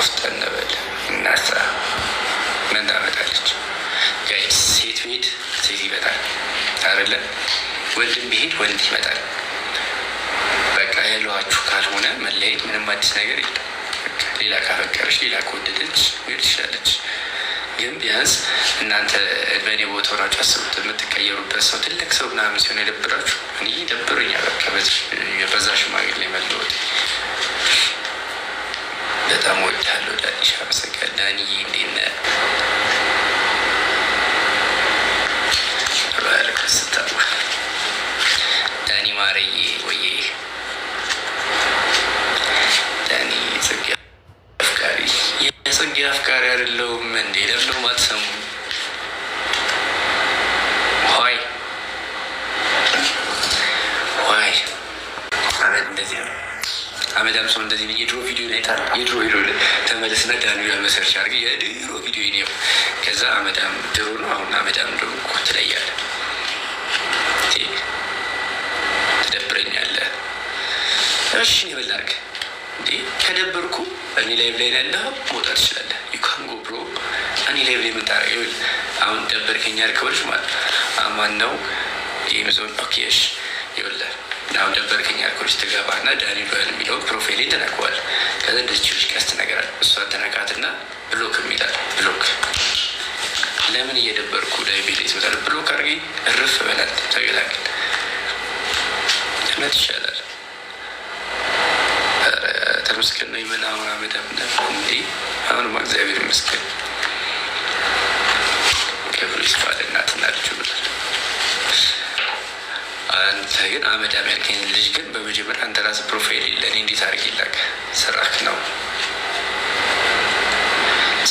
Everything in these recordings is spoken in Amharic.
ውስጥ እንበል እናሳ ምን ታመጣለች? ጋይስ ሴት ቤት ሴት ይመጣል አይደለ? ወንድም ቢሄድ ወንድ ይመጣል። በቃ ያለዋችሁ ካልሆነ መለየት ምንም አዲስ ነገር የለም። ሌላ ካፈቀረች፣ ሌላ ከወደደች ሄድ ትችላለች። ግን ቢያንስ እናንተ በእኔ ቦታ ሆናችሁ አስቡት። የምትቀየሩበት ሰው ትልቅ ሰው ምናምን ሲሆን የደብራችሁ እኔ ደብሩኛ። በቃ በዛ ሽማግሌ መለወጥ በጣም ወዳለሁ ዳኒሽ። አመሰግናለሁ ዳኒ። እንዴት ነህ? ጨረሽ ይበላክ እንዴ ከደበርኩ እኔ ላይ ላይ ላለ መውጣት ትችላለህ። ዩካንጎ ብሮ እኔ ላይ ላይ የምታረገው ይል አሁን ደበርከኛ ያልከበልሽ ማለት አማን ነው የምሰውን ኦኬሽ ይበላል አሁን ደበርከኝ ያልከበልሽ ትገባና ዳኒ ዶል የሚለውን ፕሮፋይል ተነክዋል። ከዛ ደችሎች ቀስ ትነግራል። እሷ ተነካትና ብሎክ የሚላል ብሎክ ለምን እየደበርኩ ላይ ዳይቤቴስ ይመጣል ብሎክ አድርገኝ እርፍ በላል ተገላግል ለመት ይሻላል ይመስገን ነው የመላምና መደምደም እንዲ አሁን እግዚአብሔር ይመስገን ክብር ይስፋ ለእናትና ልጁ ብላል። አንተ ግን አመዳም ያልከኝ ልጅ ግን በመጀመሪያ አንተ ራስህ ፕሮፋይል የለን እንዴት አድርግ ስራክ ነው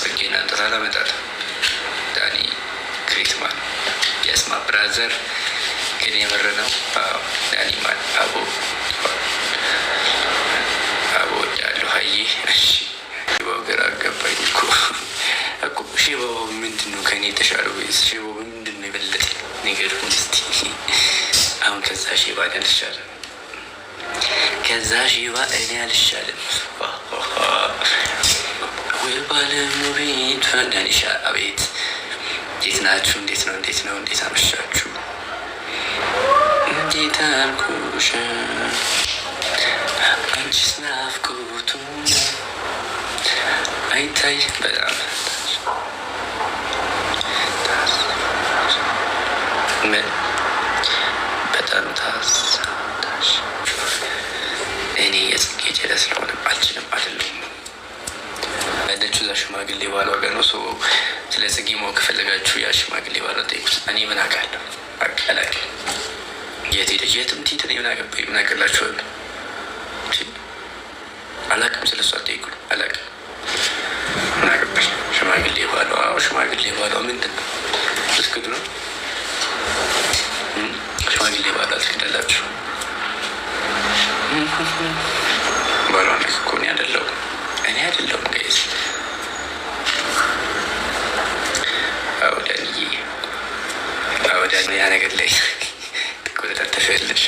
ጽጌን አንጠት አላመጣት ዳኒ ክሪትማን የስማ ብራዘር ግን የምር ነው ዳኒ ማን አቦ ሽባው ግራ አጋባኝ እኮ እኮ ሽባው ምንድን ነው? ከእኔ የተሻለው ወይስ ሽባው ምንድን ነው የበለጠ ነገር? እስቲ አሁን ከዛ ሽባ እኔ አልሻለም፣ ከዛ ሽባ እኔ አልሻለም። ወይ ባለሙቤት ፈንዳኒሻ አቤት፣ እንዴት ናችሁ? እንዴት ነው? እንዴት ነው? እንዴት አመሻችሁ? እንዴት አልኩሽ አንቺስ ናፍቆቱ አይታይ በጣም ምን በጣም ታሳዳሽ። እኔ የጽጌ ጀለ ስለሆነ አልችልም አይደለም ያለችው እዛ ሽማግሌ ባል ወገን ነው። ስለ ጽጌ ማወቅ ከፈለጋችሁ ያ ሽማግሌ ባል ጠይቁት። እኔ ምን አውቃለሁ? አቀላል የት ሄደች? የትም ቲትን ምን አገባኝ? ምን አቀላችኋለሁ? አላቅም። ስለሱ አልጠይቁኝ አላቅም። ምናገባሽ ሽማግሌ ባለው አዎ፣ ሽማግሌ ባለው ምንድን ነው ልትክዱ ነው? ሽማግሌ ባለው አትክዳላችሁ። ባሏ ሚክ እኮ እኔ አይደለሁም እኔ አይደለሁም ጋይዝ አውዳን ያ ነገር ላይ ትቆጣጠፈለሽ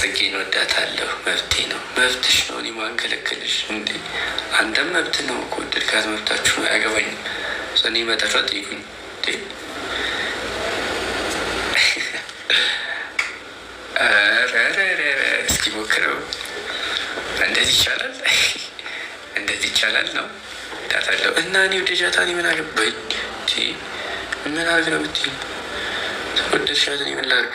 ጽጌን ወዳታለሁ። መብቴ ነው፣ መብትሽ ነው። እኔ ማን ከለከልሽ እንዴ? አንተም መብት ነው። ከወደድካት መብታችሁ ነው። አያገባኝም። እኔ መጠፋ ጠይቁኝ እንዴ? እስኪ ሞክረው። እንደዚህ ይቻላል፣ እንደዚህ ይቻላል ነው ዳታለሁ እና እኔ ወደጃታ እኔ ምን አገባኝ? ምን አርግ ነው ብትይ ወደድሻት እኔ ምን ላርግ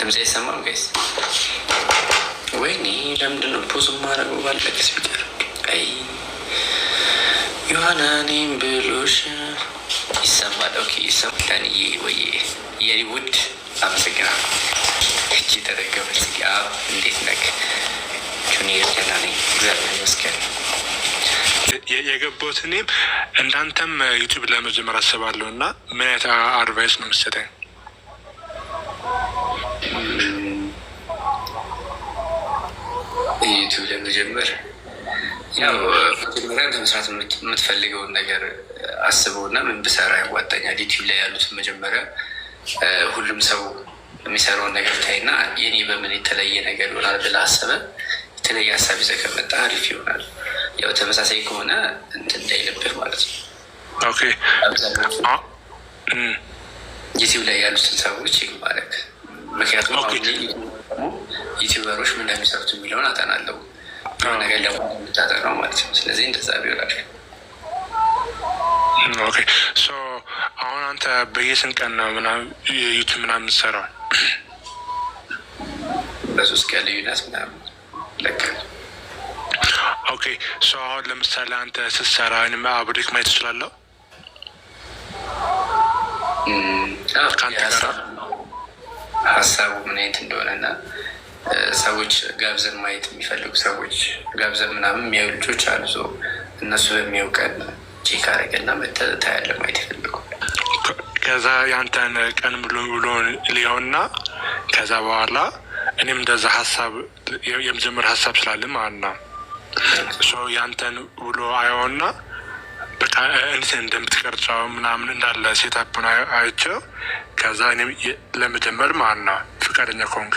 ድምፅ አይሰማም ጋይስ? ወይኔ ለምንድን ነው ፖዝ ማረገው? ባለቅስ ቢቀር አይ ዮሐና ብሎሽ ይሰማል። ኦኬ ይሰማል። ዳንዬ ወይ የኔ ውድ አመሰግናለሁ። እቺ ተደገመች። አብ እንዴት ነክ ጁኒየር? ደህና ነኝ እግዚአብሔር ይመስገን። የገባሁት እኔም እንዳንተም ዩቱብ ለመጀመር አስባለሁ እና ምን አይነት አድቫይስ ነው የምትሰጠኝ? ዩቲዩብ ለመጀመር ያው መጀመሪያ ለመስራት የምትፈልገውን ነገር አስበውና ምን ብሰራ ያዋጣኛል። ዩቲዩብ ላይ ያሉትን መጀመሪያ ሁሉም ሰው የሚሰራውን ነገር ታይና የኔ በምን የተለየ ነገር ይሆናል ብለህ አሰበ የተለየ ሀሳብ ይዘህ ከመጣ አሪፍ ይሆናል። ያው ተመሳሳይ ከሆነ እንትን እንዳይልብህ ማለት ነው። ዩቲዩብ ላይ ያሉትን ሰዎች ይግባለክ። ምክንያቱም ዩቲዩበሮች ምን እንደሚሰሩት የሚለውን አጠናለው ነገር ደግሞ የምታጠናው ማለት ነው። ስለዚህ እንደዛ ቢሆናል። አሁን አንተ በየስን ቀን ነው ምናምን ዩቲዩብ ምናምን የምትሰራው? በሶስት ቀን ልዩነት ምናምን ለቀ ኦኬ ሶ አሁን ለምሳሌ አንተ ስትሰራ ወይም አብሬክ ማየት ትችላለሁ ከአንተ ጋር ሀሳቡ ምን አይነት እንደሆነ እና ሰዎች ጋብዘን ማየት የሚፈልጉ ሰዎች ጋብዘን ምናምን የሚያዩ ልጆች አሉ። እነሱ በሚያውቀን ቼክ አረገና ያለ ማየት ይፈልጉ ከዛ የአንተን ቀን ብሎ ብሎ ሊሆና ከዛ በኋላ እኔም እንደዛ ሀሳብ የመጀመር ሀሳብ ስላለ ማለት ነው። እሱ የአንተን ብሎ አየውና በቃ እንዴት እንደምትቀርጫው ምናምን እንዳለ ሴታፕን አይቸው ከዛ እኔም ለመጀመር ማለት ነው ፍቃደኛ ኮንክ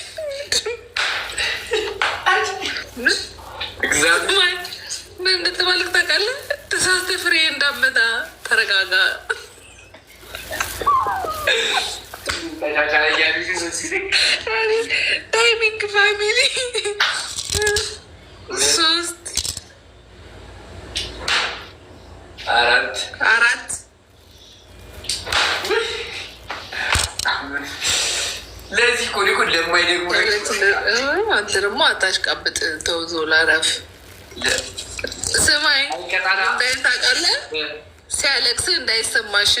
ምን እንደተባልክ ታውቃለህ? ተሳስተህ ፍሬ እንዳመጣ ተረጋጋ። ታይሚንግ ፋሚሊ ሶስት አራት ኮሊኮ ለማይደግሞ አንተ ደግሞ አታሽቃብጥ። ተውዞ ላረፍ ስማኝ ሲያለቅስ እንዳይሰማሽ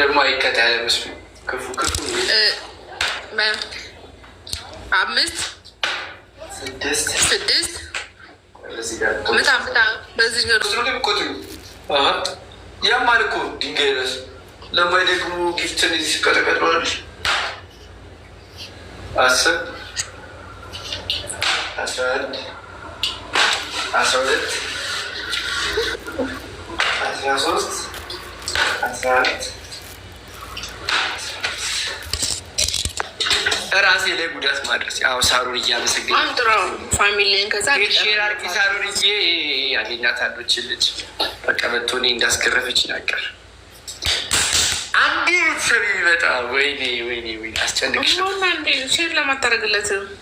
ደግሞ አይቀጣ ክፉ ክፉ አምስት ስድስት ምታ ምታ በዚህ ነው ድንጋይ ለማይደግሙ ጊፍትን ይዘሽ ከተቀጥሏልሽ አስር አስራ አንድ አስራ ሁለት አስራ ሶስት አስራ አራት ራሴ ላይ ጉዳት ማድረስ ያው ሳሩን እያመሰገኝ ፋሚሊን ከዛ ሳሩን እዬ ያገኛት አንዶችን ልጅ በቃ መቶኔ እንዳስገረፈች ይናገር ይህ ሰብ ይመጣ። ወይኔ ወይኔ ወይኔ፣ አስጨንቅሽ ሼር ለማታደርግለት